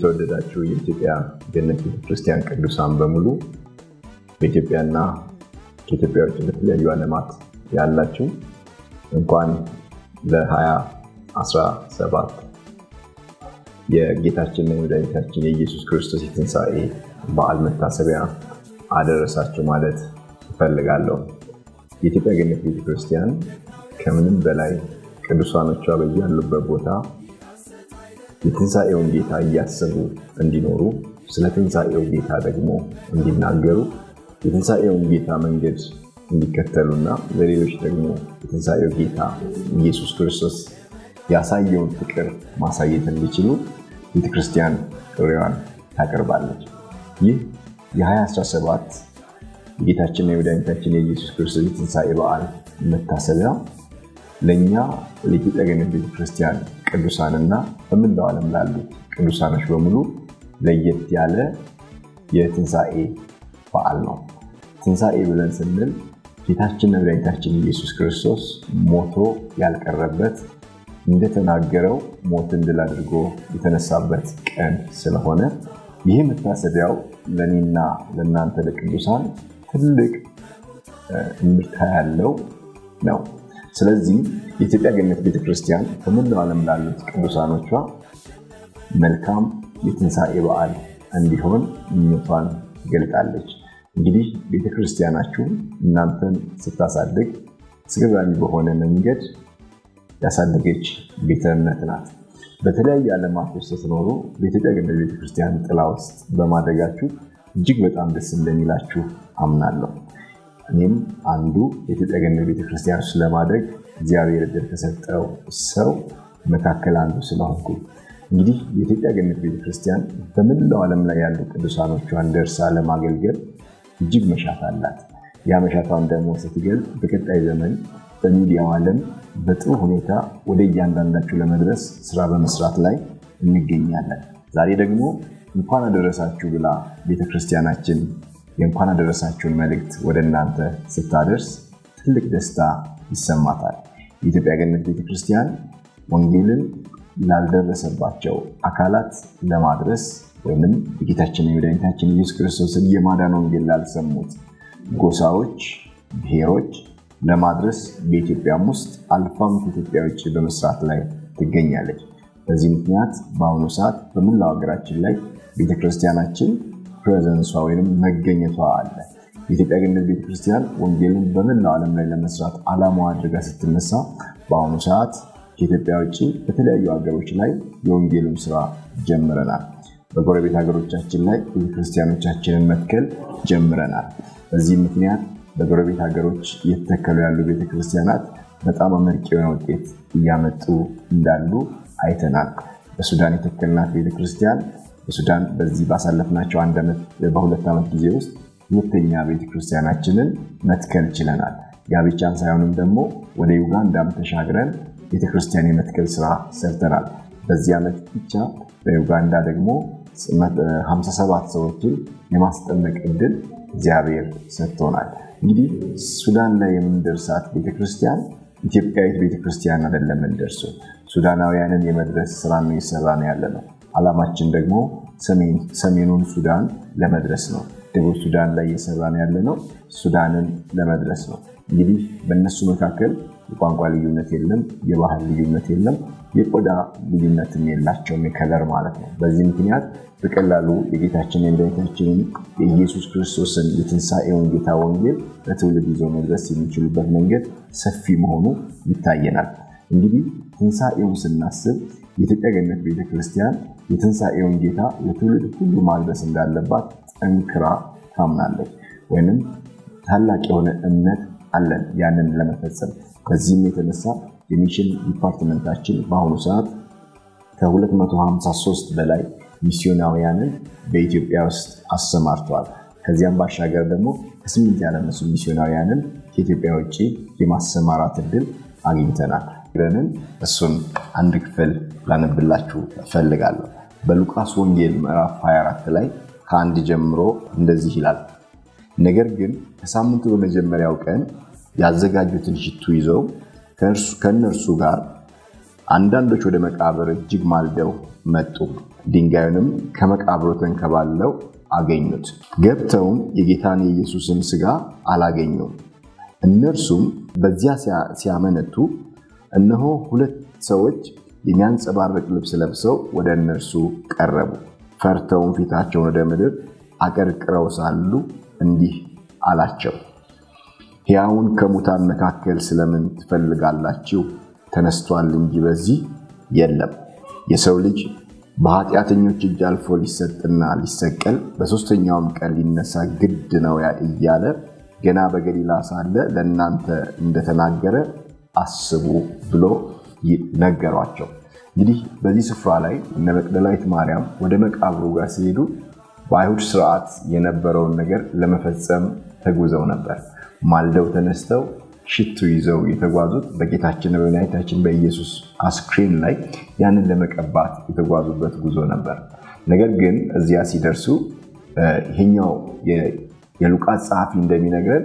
የተወደዳችሁ የኢትዮጵያ ገነት ቤተክርስቲያን ቅዱሳን በሙሉ በኢትዮጵያና ከኢትዮጵያ ውጭ በተለያዩ ዓለማት ያላችሁ እንኳን ለ2017 የጌታችንና የመድኃኒታችን የኢየሱስ ክርስቶስ የትንሣኤ በዓል መታሰቢያ አደረሳችሁ ማለት እፈልጋለሁ። የኢትዮጵያ ገነት ቤተክርስቲያን ከምንም በላይ ቅዱሳኖቿ በያሉበት ቦታ የትንሣኤውን ጌታ እያሰቡ እንዲኖሩ ስለ ትንሣኤው ጌታ ደግሞ እንዲናገሩ የትንሣኤውን ጌታ መንገድ እንዲከተሉና ለሌሎች ደግሞ የትንሣኤው ጌታ ኢየሱስ ክርስቶስ ያሳየውን ፍቅር ማሳየት እንዲችሉ ቤተክርስቲያን ጥሪዋን ታቀርባለች። ይህ የ2017 የጌታችንና የመድኃኒታችን የኢየሱስ ክርስቶስ የትንሣኤ በዓል መታሰቢያ ለእኛ ለጌጠገነት ቤተክርስቲያን ቅዱሳንና በመላው ዓለም ላሉት ቅዱሳኖች በሙሉ ለየት ያለ የትንሣኤ በዓል ነው። ትንሣኤ ብለን ስንል ጌታችን መድኃኒታችን ኢየሱስ ክርስቶስ ሞቶ ያልቀረበት እንደተናገረው ሞትን ድል አድርጎ የተነሳበት ቀን ስለሆነ ይህ መታሰቢያው ለእኔና ለእናንተ ለቅዱሳን ትልቅ እምርታ ያለው ነው። ስለዚህ የኢትዮጵያ ገነት ቤተክርስቲያን በመላው ዓለም ላሉት ቅዱሳኖቿ መልካም የትንሣኤ በዓል እንዲሆን ምኞቷን ገልጣለች። እንግዲህ ቤተክርስቲያናችሁ እናንተን ስታሳድግ ስግብራዊ በሆነ መንገድ ያሳደገች ቤተ እምነት ናት። በተለያየ ዓለማት ውስጥ ስትኖሩ በኢትዮጵያ ገነት ቤተክርስቲያን ጥላ ውስጥ በማደጋችሁ እጅግ በጣም ደስ እንደሚላችሁ አምናለሁ። እኔም አንዱ የኢትዮጵያ ገነት ቤተክርስቲያን ውስጥ ለማድረግ እግዚአብሔር እድል ከሰጠው ሰው መካከል አንዱ ስለሆንኩ እንግዲህ የኢትዮጵያ ገነት ቤተክርስቲያን በመላው ዓለም ላይ ያሉ ቅዱሳኖቿን ደርሳ ለማገልገል እጅግ መሻት አላት። ያ መሻቷን ደግሞ ስትገልጽ በቀጣይ ዘመን በሚዲያው ዓለም በጥሩ ሁኔታ ወደ እያንዳንዳችሁ ለመድረስ ስራ በመስራት ላይ እንገኛለን። ዛሬ ደግሞ እንኳን አደረሳችሁ ብላ ቤተክርስቲያናችን የእንኳን አደረሳችሁን መልእክት ወደ እናንተ ስታደርስ ትልቅ ደስታ ይሰማታል። የኢትዮጵያ ገነት ቤተክርስቲያን ወንጌልን ላልደረሰባቸው አካላት ለማድረስ ወይም የጌታችን የመድኃኒታችን ኢየሱስ ክርስቶስን የማዳን ወንጌል ላልሰሙት ጎሳዎች፣ ብሔሮች ለማድረስ በኢትዮጵያም ውስጥ አልፋም ከኢትዮጵያ ውጭ በመስራት ላይ ትገኛለች። በዚህ ምክንያት በአሁኑ ሰዓት በመላው ሀገራችን ላይ ቤተክርስቲያናችን ፕሬዘንሷ ወይም መገኘቷ አለ። የኢትዮጵያ ገነት ቤተክርስቲያን ወንጌልን በመላው ዓለም ላይ ለመስራት ዓላማዋ አድርጋ ስትነሳ በአሁኑ ሰዓት ከኢትዮጵያ ውጭ በተለያዩ ሀገሮች ላይ የወንጌልም ስራ ጀምረናል። በጎረቤት ሀገሮቻችን ላይ ቤተክርስቲያኖቻችንን መትከል ጀምረናል። በዚህም ምክንያት በጎረቤት ሀገሮች እየተተከሉ ያሉ ቤተክርስቲያናት በጣም አመርቂ የሆነ ውጤት እያመጡ እንዳሉ አይተናል። በሱዳን የተከልናት ቤተክርስቲያን በሱዳን በዚህ ባሳለፍናቸው አንድ ዓመት በሁለት ዓመት ጊዜ ውስጥ ሁለተኛ ቤተክርስቲያናችንን መትከል ችለናል። ያ ሳይሆንም ደግሞ ወደ ዩጋንዳም ተሻግረን ቤተክርስቲያን የመትከል ስራ ሰርተናል። በዚህ ዓመት ብቻ በዩጋንዳ ደግሞ 57 ሰዎችን የማስጠመቅ እድል እግዚአብሔር ሰጥቶናል። እንግዲህ ሱዳን ላይ የምንደርሳት ቤተክርስቲያን ኢትዮጵያዊት ቤተክርስቲያን አይደለም። እንደርሱ ሱዳናውያንን የመድረስ ስራ ነው የሰራ ነው ያለ ነው። አላማችን ደግሞ ሰሜኑን ሱዳን ለመድረስ ነው። ደቡብ ሱዳን ላይ እየሰራን ያለ ነው ሱዳንን ለመድረስ ነው። እንግዲህ በእነሱ መካከል የቋንቋ ልዩነት የለም፣ የባህል ልዩነት የለም፣ የቆዳ ልዩነትም የላቸውም የከለር ማለት ነው። በዚህ ምክንያት በቀላሉ የጌታችን የመድኃኒታችንን የኢየሱስ ክርስቶስን የትንሣኤውን ጌታ ወንጌል ለትውልድ ይዘው መድረስ የሚችሉበት መንገድ ሰፊ መሆኑ ይታየናል። እንግዲህ ትንሣኤውን ስናስብ የኢትዮጵያ ገነት ቤተ ክርስቲያን የትንሣኤውን ጌታ ለትውልድ ሁሉ ማድረስ እንዳለባት ጠንክራ ታምናለች ወይንም ታላቅ የሆነ እምነት አለን ያንን ለመፈጸም። ከዚህም የተነሳ የሚሽን ዲፓርትመንታችን በአሁኑ ሰዓት ከ253 በላይ ሚስዮናውያንን በኢትዮጵያ ውስጥ አሰማርተዋል። ከዚያም ባሻገር ደግሞ ከስምንት ያለነሱ ሚስዮናውያንን ከኢትዮጵያ ውጭ የማሰማራት እድል አግኝተናል። ረንን እሱን አንድ ክፍል ላነብላችሁ እፈልጋለሁ። በሉቃስ ወንጌል ምዕራፍ 24 ላይ ከአንድ ጀምሮ እንደዚህ ይላል። ነገር ግን ከሳምንቱ በመጀመሪያው ቀን ያዘጋጁትን ሽቱ ይዘው ከእነርሱ ጋር አንዳንዶች ወደ መቃብር እጅግ ማልደው መጡ። ድንጋዩንም ከመቃብሩ ተንከባለው አገኙት። ገብተውም የጌታን የኢየሱስን ሥጋ አላገኙም። እነርሱም በዚያ ሲያመነቱ እነሆ ሁለት ሰዎች የሚያንጸባርቅ ልብስ ለብሰው ወደ እነርሱ ቀረቡ። ፈርተውም ፊታቸውን ወደ ምድር አቀርቅረው ሳሉ እንዲህ አላቸው፣ ሕያውን ከሙታን መካከል ስለምን ትፈልጋላችሁ? ተነስቷል እንጂ በዚህ የለም። የሰው ልጅ በኃጢአተኞች እጅ አልፎ ሊሰጥና ሊሰቀል በሦስተኛውም ቀን ሊነሳ ግድ ነው እያለ ገና በገሊላ ሳለ ለእናንተ እንደተናገረ አስቡ ብሎ ነገሯቸው። እንግዲህ በዚህ ስፍራ ላይ እነ መቅደላዊት ማርያም ወደ መቃብሩ ጋር ሲሄዱ በአይሁድ ስርዓት የነበረውን ነገር ለመፈጸም ተጉዘው ነበር። ማልደው ተነስተው ሽቱ ይዘው የተጓዙት በጌታችን በመድኃኒታችን በኢየሱስ አስክሬን ላይ ያንን ለመቀባት የተጓዙበት ጉዞ ነበር። ነገር ግን እዚያ ሲደርሱ ይሄኛው የሉቃስ ጸሐፊ እንደሚነግረን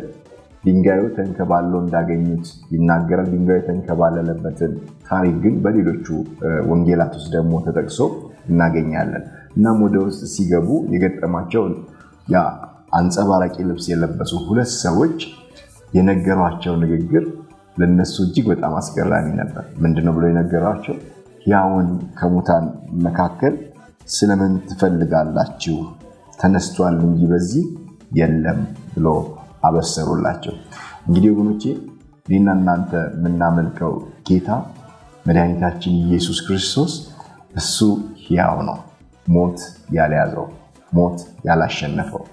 ድንጋዩ ተንከባሎ እንዳገኙት ይናገራል። ድንጋዩ የተንከባለለበትን ታሪክ ግን በሌሎቹ ወንጌላት ውስጥ ደግሞ ተጠቅሶ እናገኛለን። እናም ወደ ውስጥ ሲገቡ የገጠማቸው ያ አንጸባራቂ ልብስ የለበሱ ሁለት ሰዎች የነገሯቸው ንግግር ለነሱ እጅግ በጣም አስገራሚ ነበር። ምንድነው ብሎ የነገሯቸው? ሕያውን ከሙታን መካከል ስለምን ትፈልጋላችሁ? ተነስቷል እንጂ በዚህ የለም ብሎ አበሰሩላቸው። እንግዲህ ወገኖቼ እኔና እናንተ የምናመልከው ጌታ መድኃኒታችን ኢየሱስ ክርስቶስ እሱ ሕያው ነው፣ ሞት ያልያዘው፣ ሞት ያላሸነፈው።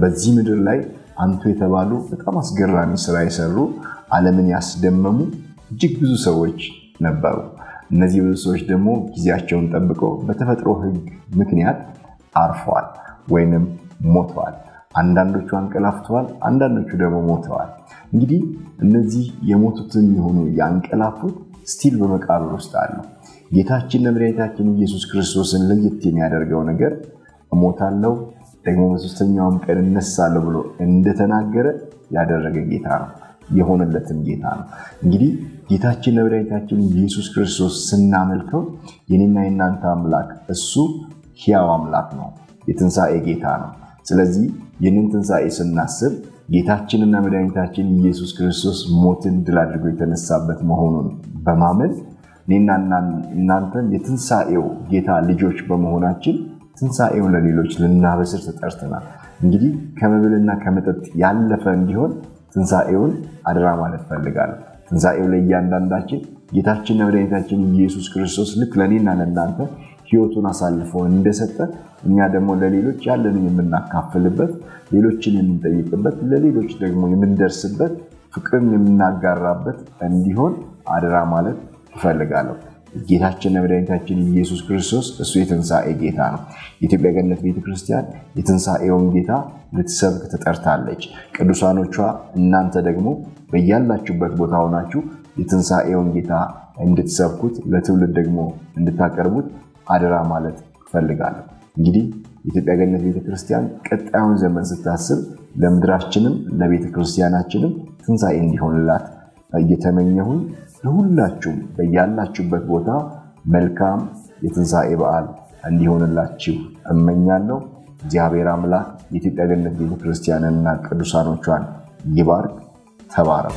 በዚህ ምድር ላይ አንቱ የተባሉ በጣም አስገራሚ ስራ የሰሩ ዓለምን ያስደመሙ እጅግ ብዙ ሰዎች ነበሩ። እነዚህ ብዙ ሰዎች ደግሞ ጊዜያቸውን ጠብቀው በተፈጥሮ ሕግ ምክንያት አርፈዋል ወይንም ሞተዋል። አንዳንዶቹ አንቀላፍተዋል፣ አንዳንዶቹ ደግሞ ሞተዋል። እንግዲህ እነዚህ የሞቱትን የሆኑ ያንቀላፉት ስቲል በመቃብር ውስጥ አሉ። ጌታችን ለመድኃኒታችን ኢየሱስ ክርስቶስን ለየት የሚያደርገው ነገር እሞታለሁ ደግሞ በሶስተኛውም ቀን እነሳለሁ ብሎ እንደተናገረ ያደረገ ጌታ ነው፣ የሆነለትም ጌታ ነው። እንግዲህ ጌታችን ለመድኃኒታችን ኢየሱስ ክርስቶስ ስናመልከው የኔና የእናንተ አምላክ እሱ ሕያው አምላክ ነው፣ የትንሣኤ ጌታ ነው። ስለዚህ ይህንን ትንሣኤ ስናስብ ጌታችንና መድኃኒታችን ኢየሱስ ክርስቶስ ሞትን ድል አድርጎ የተነሳበት መሆኑን በማመን እኔና እናንተን የትንሣኤው ጌታ ልጆች በመሆናችን ትንሣኤውን ለሌሎች ልናበስር ተጠርተናል። እንግዲህ ከመብልና ከመጠጥ ያለፈ እንዲሆን ትንሣኤውን አደራ ማለት ፈልጋለሁ። ትንሣኤው ለእያንዳንዳችን ጌታችንና መድኃኒታችን ኢየሱስ ክርስቶስ ልክ ለእኔና ለእናንተ ህይወቱን አሳልፎ እንደሰጠ እኛ ደግሞ ለሌሎች ያለንን የምናካፍልበት፣ ሌሎችን የምንጠይቅበት፣ ለሌሎች ደግሞ የምንደርስበት፣ ፍቅርን የምናጋራበት እንዲሆን አደራ ማለት እፈልጋለሁ። ጌታችን መድኃኒታችን ኢየሱስ ክርስቶስ እሱ የትንሣኤ ጌታ ነው። የኢትዮጵያ ገነት ቤተክርስቲያን የትንሣኤውን ጌታ ልትሰብክ ትጠርታለች። ቅዱሳኖቿ እናንተ ደግሞ በያላችሁበት ቦታ ሆናችሁ የትንሣኤውን ጌታ እንድትሰብኩት ለትውልድ ደግሞ እንድታቀርቡት አደራ ማለት ፈልጋለሁ። እንግዲህ የኢትዮጵያ ገነት ቤተክርስቲያን ቀጣዩን ዘመን ስታስብ ለምድራችንም ለቤተክርስቲያናችንም ትንሣኤ እንዲሆንላት እየተመኘሁን ለሁላችሁም በያላችሁበት ቦታ መልካም የትንሣኤ በዓል እንዲሆንላችሁ እመኛለሁ። እግዚአብሔር አምላክ የኢትዮጵያ ገነት ቤተክርስቲያንና ቅዱሳኖቿን ይባርክ። ተባረኩ።